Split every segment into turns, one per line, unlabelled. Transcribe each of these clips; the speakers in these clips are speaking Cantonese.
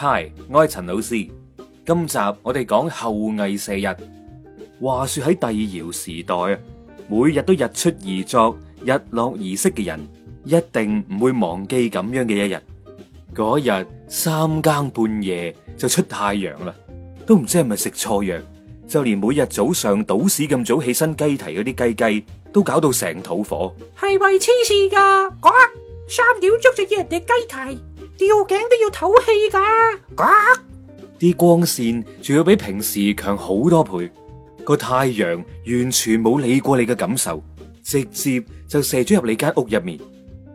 嗨，我係陳老師。今集我哋講后羿射日。話說喺帝堯時代啊，每日都日出而作，日落而息嘅人一定唔會忘記咁樣嘅一日。嗰日三更半夜就出太陽啦，都唔知係咪食錯藥，就連每日早上倒屎咁早起身雞啼嗰啲雞雞都搞到成肚火。係咪黐線噶？講三鳥捉隻日嘅雞啼。吊頸都要唞氣噶，啲光線仲要比平時強好多倍。個太陽完全冇理過你嘅感受，直接就射咗入你間屋入面。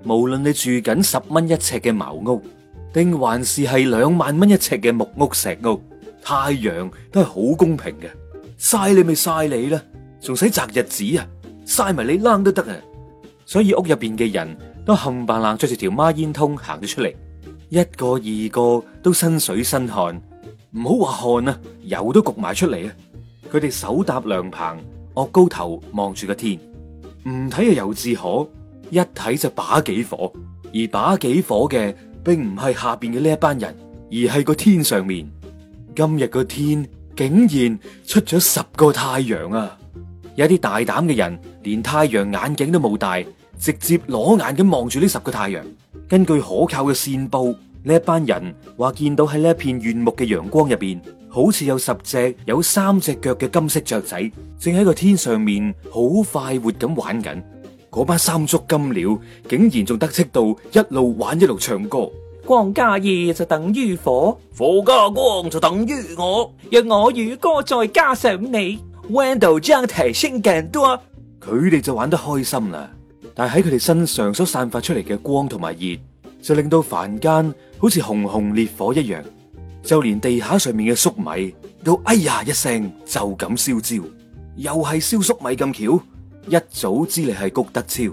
無論你住緊十蚊一尺嘅茅屋，定還是係兩萬蚊一尺嘅木屋、石屋，太陽都係好公平嘅。晒你咪晒你啦，仲使擇日子啊？晒埋你冷都得啊！所以屋入邊嘅人都冚唪唥，着住條孖煙通行咗出嚟。一個二個都身水身汗，唔好話汗啊，油都焗埋出嚟啊！佢哋手搭涼棚，昂高頭望住個天，唔睇就猶自可，一睇就把幾火。而把幾火嘅，並唔係下邊嘅呢一班人，而係個天上面。今日個天竟然出咗十個太陽啊！有啲大膽嘅人，連太陽眼鏡都冇戴，直接攞眼咁望住呢十個太陽。根據可靠嘅線報。呢一班人話見到喺呢一片炫目嘅陽光入邊，好似有十隻有三隻腳嘅金色雀仔，正喺個天上面好快活咁玩緊。嗰班三足金鳥竟然仲得戚到一路玩一路唱歌。光加熱就等於火，火加光就等於我。讓我與哥再加上你，溫度將提升更多。佢哋就玩得開心啦，但係喺佢哋身上所散發出嚟嘅光同埋熱。就令到凡間好似熊熊烈火一樣，就連地下上，上面嘅粟米都哎呀一聲就咁燒焦，又係燒粟米咁巧，一早知你係谷德超，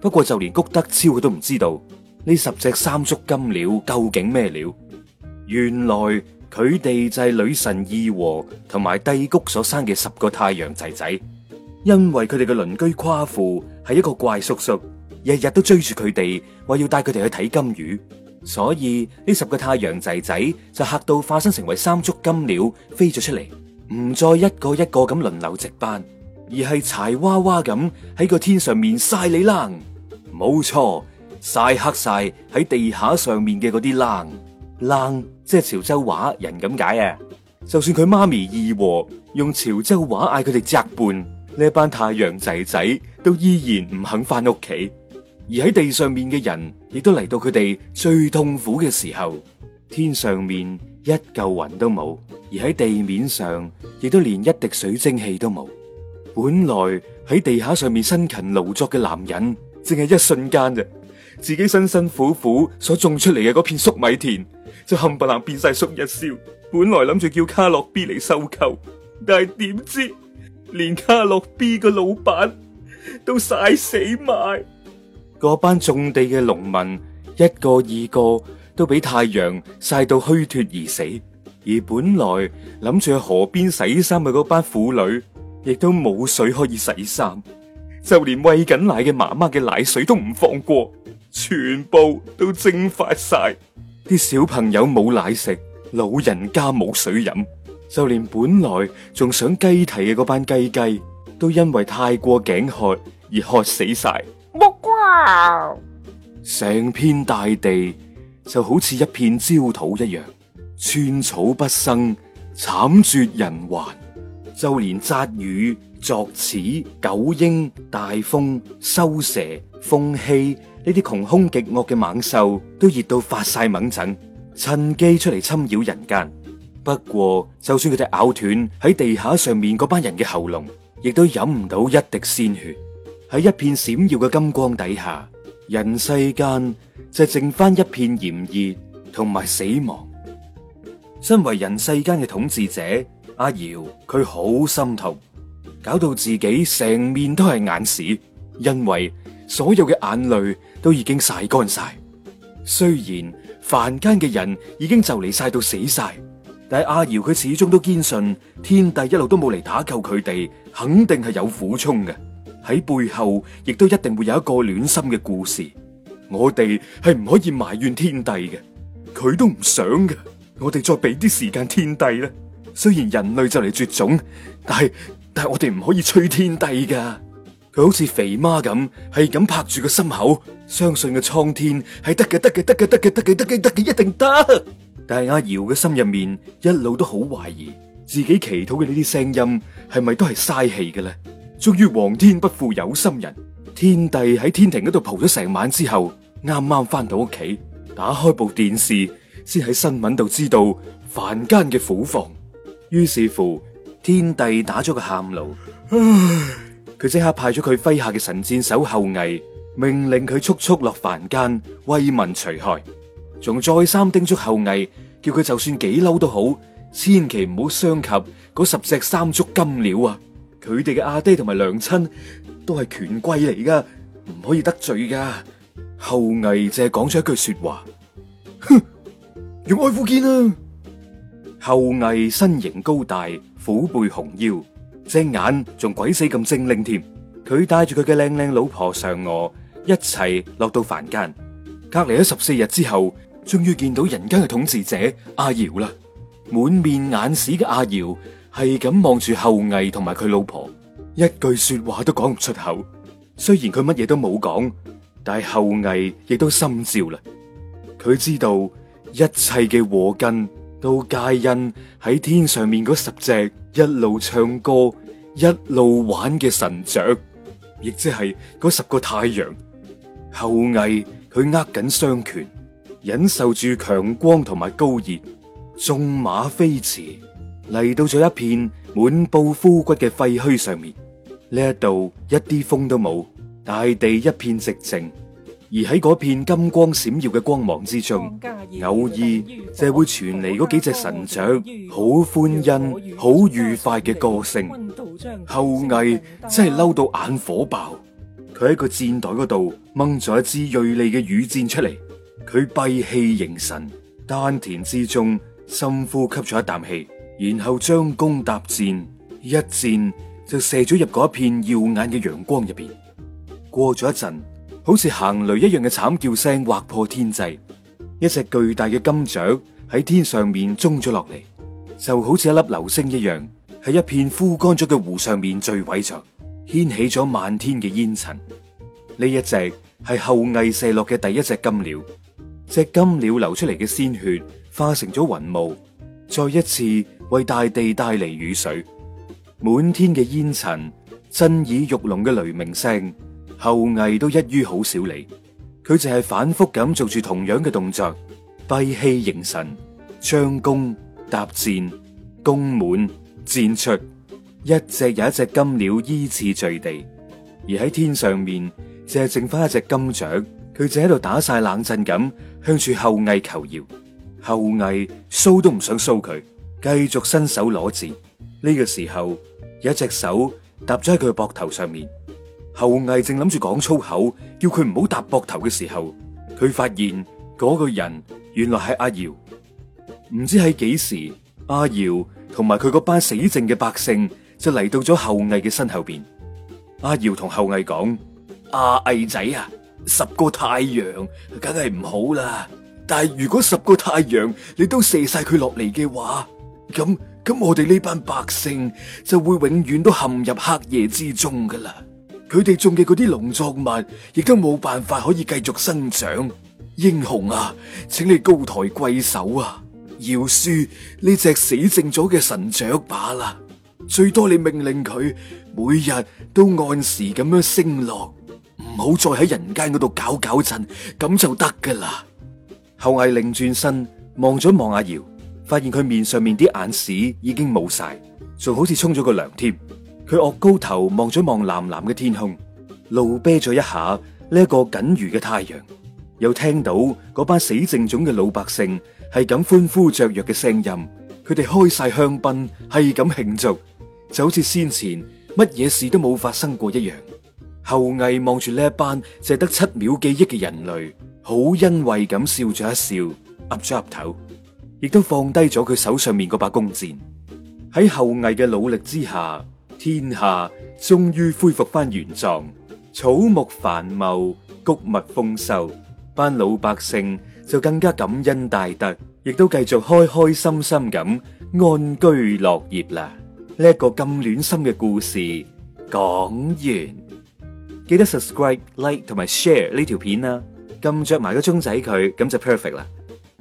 不過就連谷德超佢都唔知道呢十隻三足金鳥究竟咩鳥？原來佢哋就係女神二和同埋帝嚳所生嘅十個太陽仔仔，因為佢哋嘅鄰居夸父係一個怪叔叔。日日都追住佢哋，話要帶佢哋去睇金魚，所以呢十個太陽仔仔就嚇到化身成為三足金鳥，飛咗出嚟，唔再一個一個咁輪流值班，而係柴娃娃咁喺個天上面晒你冷。冇錯，曬黑曬喺地下上，上面嘅嗰啲冷，冷即係潮州話人咁解啊！就算佢媽咪羲和用潮州話嗌佢哋擇伴，呢班太陽仔，仔仔都依然唔肯返屋企。而喺地上面嘅人，亦都嚟到佢哋最痛苦嘅時候。天上面一嚿雲都冇，而喺地面上亦都連一滴水蒸氣都冇。本來喺地下上面辛勤勞作嘅男人，淨係一瞬間咋，自己辛辛苦苦所種出嚟嘅嗰片粟米田就冚唪唥變晒粟一燒。本來諗住叫卡洛 B 嚟收購，但係點知連卡洛 B 個老闆都曬死埋。嗰班種地嘅農民一個二個都俾太陽晒到虛脫而死，而本來諗住去河邊洗衫嘅嗰班婦女，亦都冇水可以洗衫，就連餵緊奶嘅媽媽嘅奶水都唔放過，全部都蒸發晒。啲小朋友冇奶食，老人家冇水飲，就連本來仲想雞啼嘅嗰班雞雞，都因為太過頸渴而渴死晒。成片大地就好似一片焦土一樣，寸草不生，慘絕人寰。就連猰貐、鑿齒、九嬰、大風、修蛇、封豨呢啲窮凶極惡嘅猛獸，都熱到發晒猛疹，趁機出嚟侵擾人間。不過，就算佢哋咬斷喺地下上，上面嗰班人嘅喉嚨，亦都飲唔到一滴鮮血。喺一片閃耀嘅金光底下，人世間就剩返一片炎熱同埋死亡。身為人世間嘅統治者，阿瑤佢好心痛，搞到自己成面都係眼屎，因為所有嘅眼淚都已經曬乾晒。雖然凡間嘅人已經就嚟曬到死晒，但係阿瑤佢始終都堅信天帝一路都冇嚟打救佢哋，肯定係有苦衷嘅。喺背後亦都一定會有一個暖心嘅故事，我哋係唔可以埋怨天帝嘅，佢都唔想嘅。我哋再俾啲時間天帝啦。雖然人類就嚟絕種，但係但係我哋唔可以吹天帝噶。佢好似肥媽咁，係咁拍住個心口，相信個蒼天係得嘅，得嘅，得嘅，得嘅，得嘅，得嘅，得嘅一定得。但係阿瑤嘅心入面一路都好懷疑，自己祈禱嘅呢啲聲音係咪都係嘥氣嘅咧？終於皇天不負有心人，天帝喺天庭嗰度蒲咗成晚之後，啱啱翻到屋企，打開部電視，先喺新聞度知道凡間嘅苦況。於是乎，天帝打咗個喊露，唉，佢即刻派咗佢麾下嘅神箭手后羿，命令佢速速落凡間為民除害，仲再三叮囑后羿，叫佢就算幾嬲都好，千祈唔好傷及嗰十隻三足金鳥啊！佢哋嘅阿爹同埋娘親都係權貴嚟噶，唔可以得罪噶。后羿淨係講咗一句說話，用愛護劍啦。后羿身形高大，虎背熊腰，隻眼仲鬼死咁精靈添。佢帶住佢嘅靚靚老婆嫦娥一齊落到凡間。隔離咗十四日之後，終於見到人間嘅統治者阿瑤啦。滿面眼屎嘅阿瑤。係咁望住后羿同埋佢老婆，一句說話都講唔出口。雖然佢乜嘢都冇講，但係后羿亦都心照啦。佢知道一切嘅禍根都皆因喺天上面嗰十隻一路唱歌、一路玩嘅神雀，亦即係嗰十個太陽。后羿佢握緊雙拳，忍受住強光同埋高熱，縱馬飛馳。嚟到咗一片滿布枯骨嘅廢墟上面，呢一度一啲風都冇，大地一片寂靜。而喺嗰片金光閃耀嘅光芒之中，偶爾二就會傳嚟嗰幾隻神雀好歡欣、好愉快嘅歌聲。后羿藝真係嬲到眼火爆，佢喺、啊、個箭袋嗰度掹咗一支銳利嘅羽箭出嚟，佢閉氣凝神，丹田之中深呼吸咗一啖氣。然後將弓搭箭，一箭就射咗入嗰一片耀眼嘅陽光入邊。過咗一陣，好似行雷一樣嘅慘叫聲劃破天際，一隻巨大嘅金鳥喺天上面中咗落嚟，就好似一粒流星一樣，喺一片枯乾咗嘅湖上面墜毀咗，掀起咗漫天嘅煙塵。呢一隻係後羿射落嘅第一隻金鳥，隻金鳥流出嚟嘅鮮血化成咗雲霧，再一次。為大地帶嚟雨水，滿天嘅煙塵，震耳欲聾嘅雷鳴聲，后羿都一於好少理。佢淨係反復咁做住同樣嘅動作，閉氣凝神，張弓搭箭，弓滿箭出，一隻有一隻金鳥依次墜地，而喺天上面淨係剩翻一隻金雀，佢就喺度打晒冷震咁向住后羿求饒，后羿蘇都唔想蘇佢。繼續伸手攞字呢個時候，有一隻手搭咗喺佢膊頭上面。後羿正諗住講粗口，叫佢唔好搭膊頭嘅時候，佢發現嗰個人原來係阿瑤。唔知喺幾時，阿瑤同埋佢個班死剩嘅百姓就嚟到咗後羿嘅身後邊。阿瑤同後羿講：阿羿仔啊，十個太陽梗係唔好啦。但係如果十個太陽你都射晒佢落嚟嘅話，咁咁，我哋呢班百姓就會永遠都陷入黑夜之中噶啦。佢哋種嘅嗰啲農作物亦都冇辦法可以繼續生長。英雄啊，請你高抬貴手啊，饒恕呢隻死剩咗嘅神雀吧啦。最多你命令佢每日都按時咁樣升落，唔好再喺人間嗰度搞搞震，咁就得噶啦。后羿擰轉身望咗望阿瑤。發現佢面上面啲眼屎已經冇晒，仲好似沖咗個涼添。佢惡高頭望咗望藍藍嘅天空，怒啤咗一下呢一個僅餘嘅太陽。又聽到嗰班死剩種嘅老百姓係咁歡呼雀躍嘅聲音，佢哋開晒香檳，係咁慶祝，就好似先前乜嘢事都冇發生過一樣。后羿望住呢一班淨係得七秒記憶嘅人類，好欣慰咁笑咗一笑，岌咗岌頭。亦都放低咗佢手上面嗰把弓箭。喺后羿嘅努力之下，天下終於恢復翻原狀，草木繁茂，穀物豐收，班老百姓就更加感恩戴德，亦都繼續開開心心咁安居樂業啦。呢一個咁暖心嘅故事講完，記得 subscribe、like 同埋 share 呢條片啦，撳著埋個鐘仔佢，咁就 perfect 啦。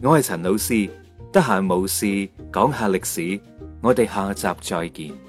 我係陳老師。得閒冇事講下歷史，我哋下集再見。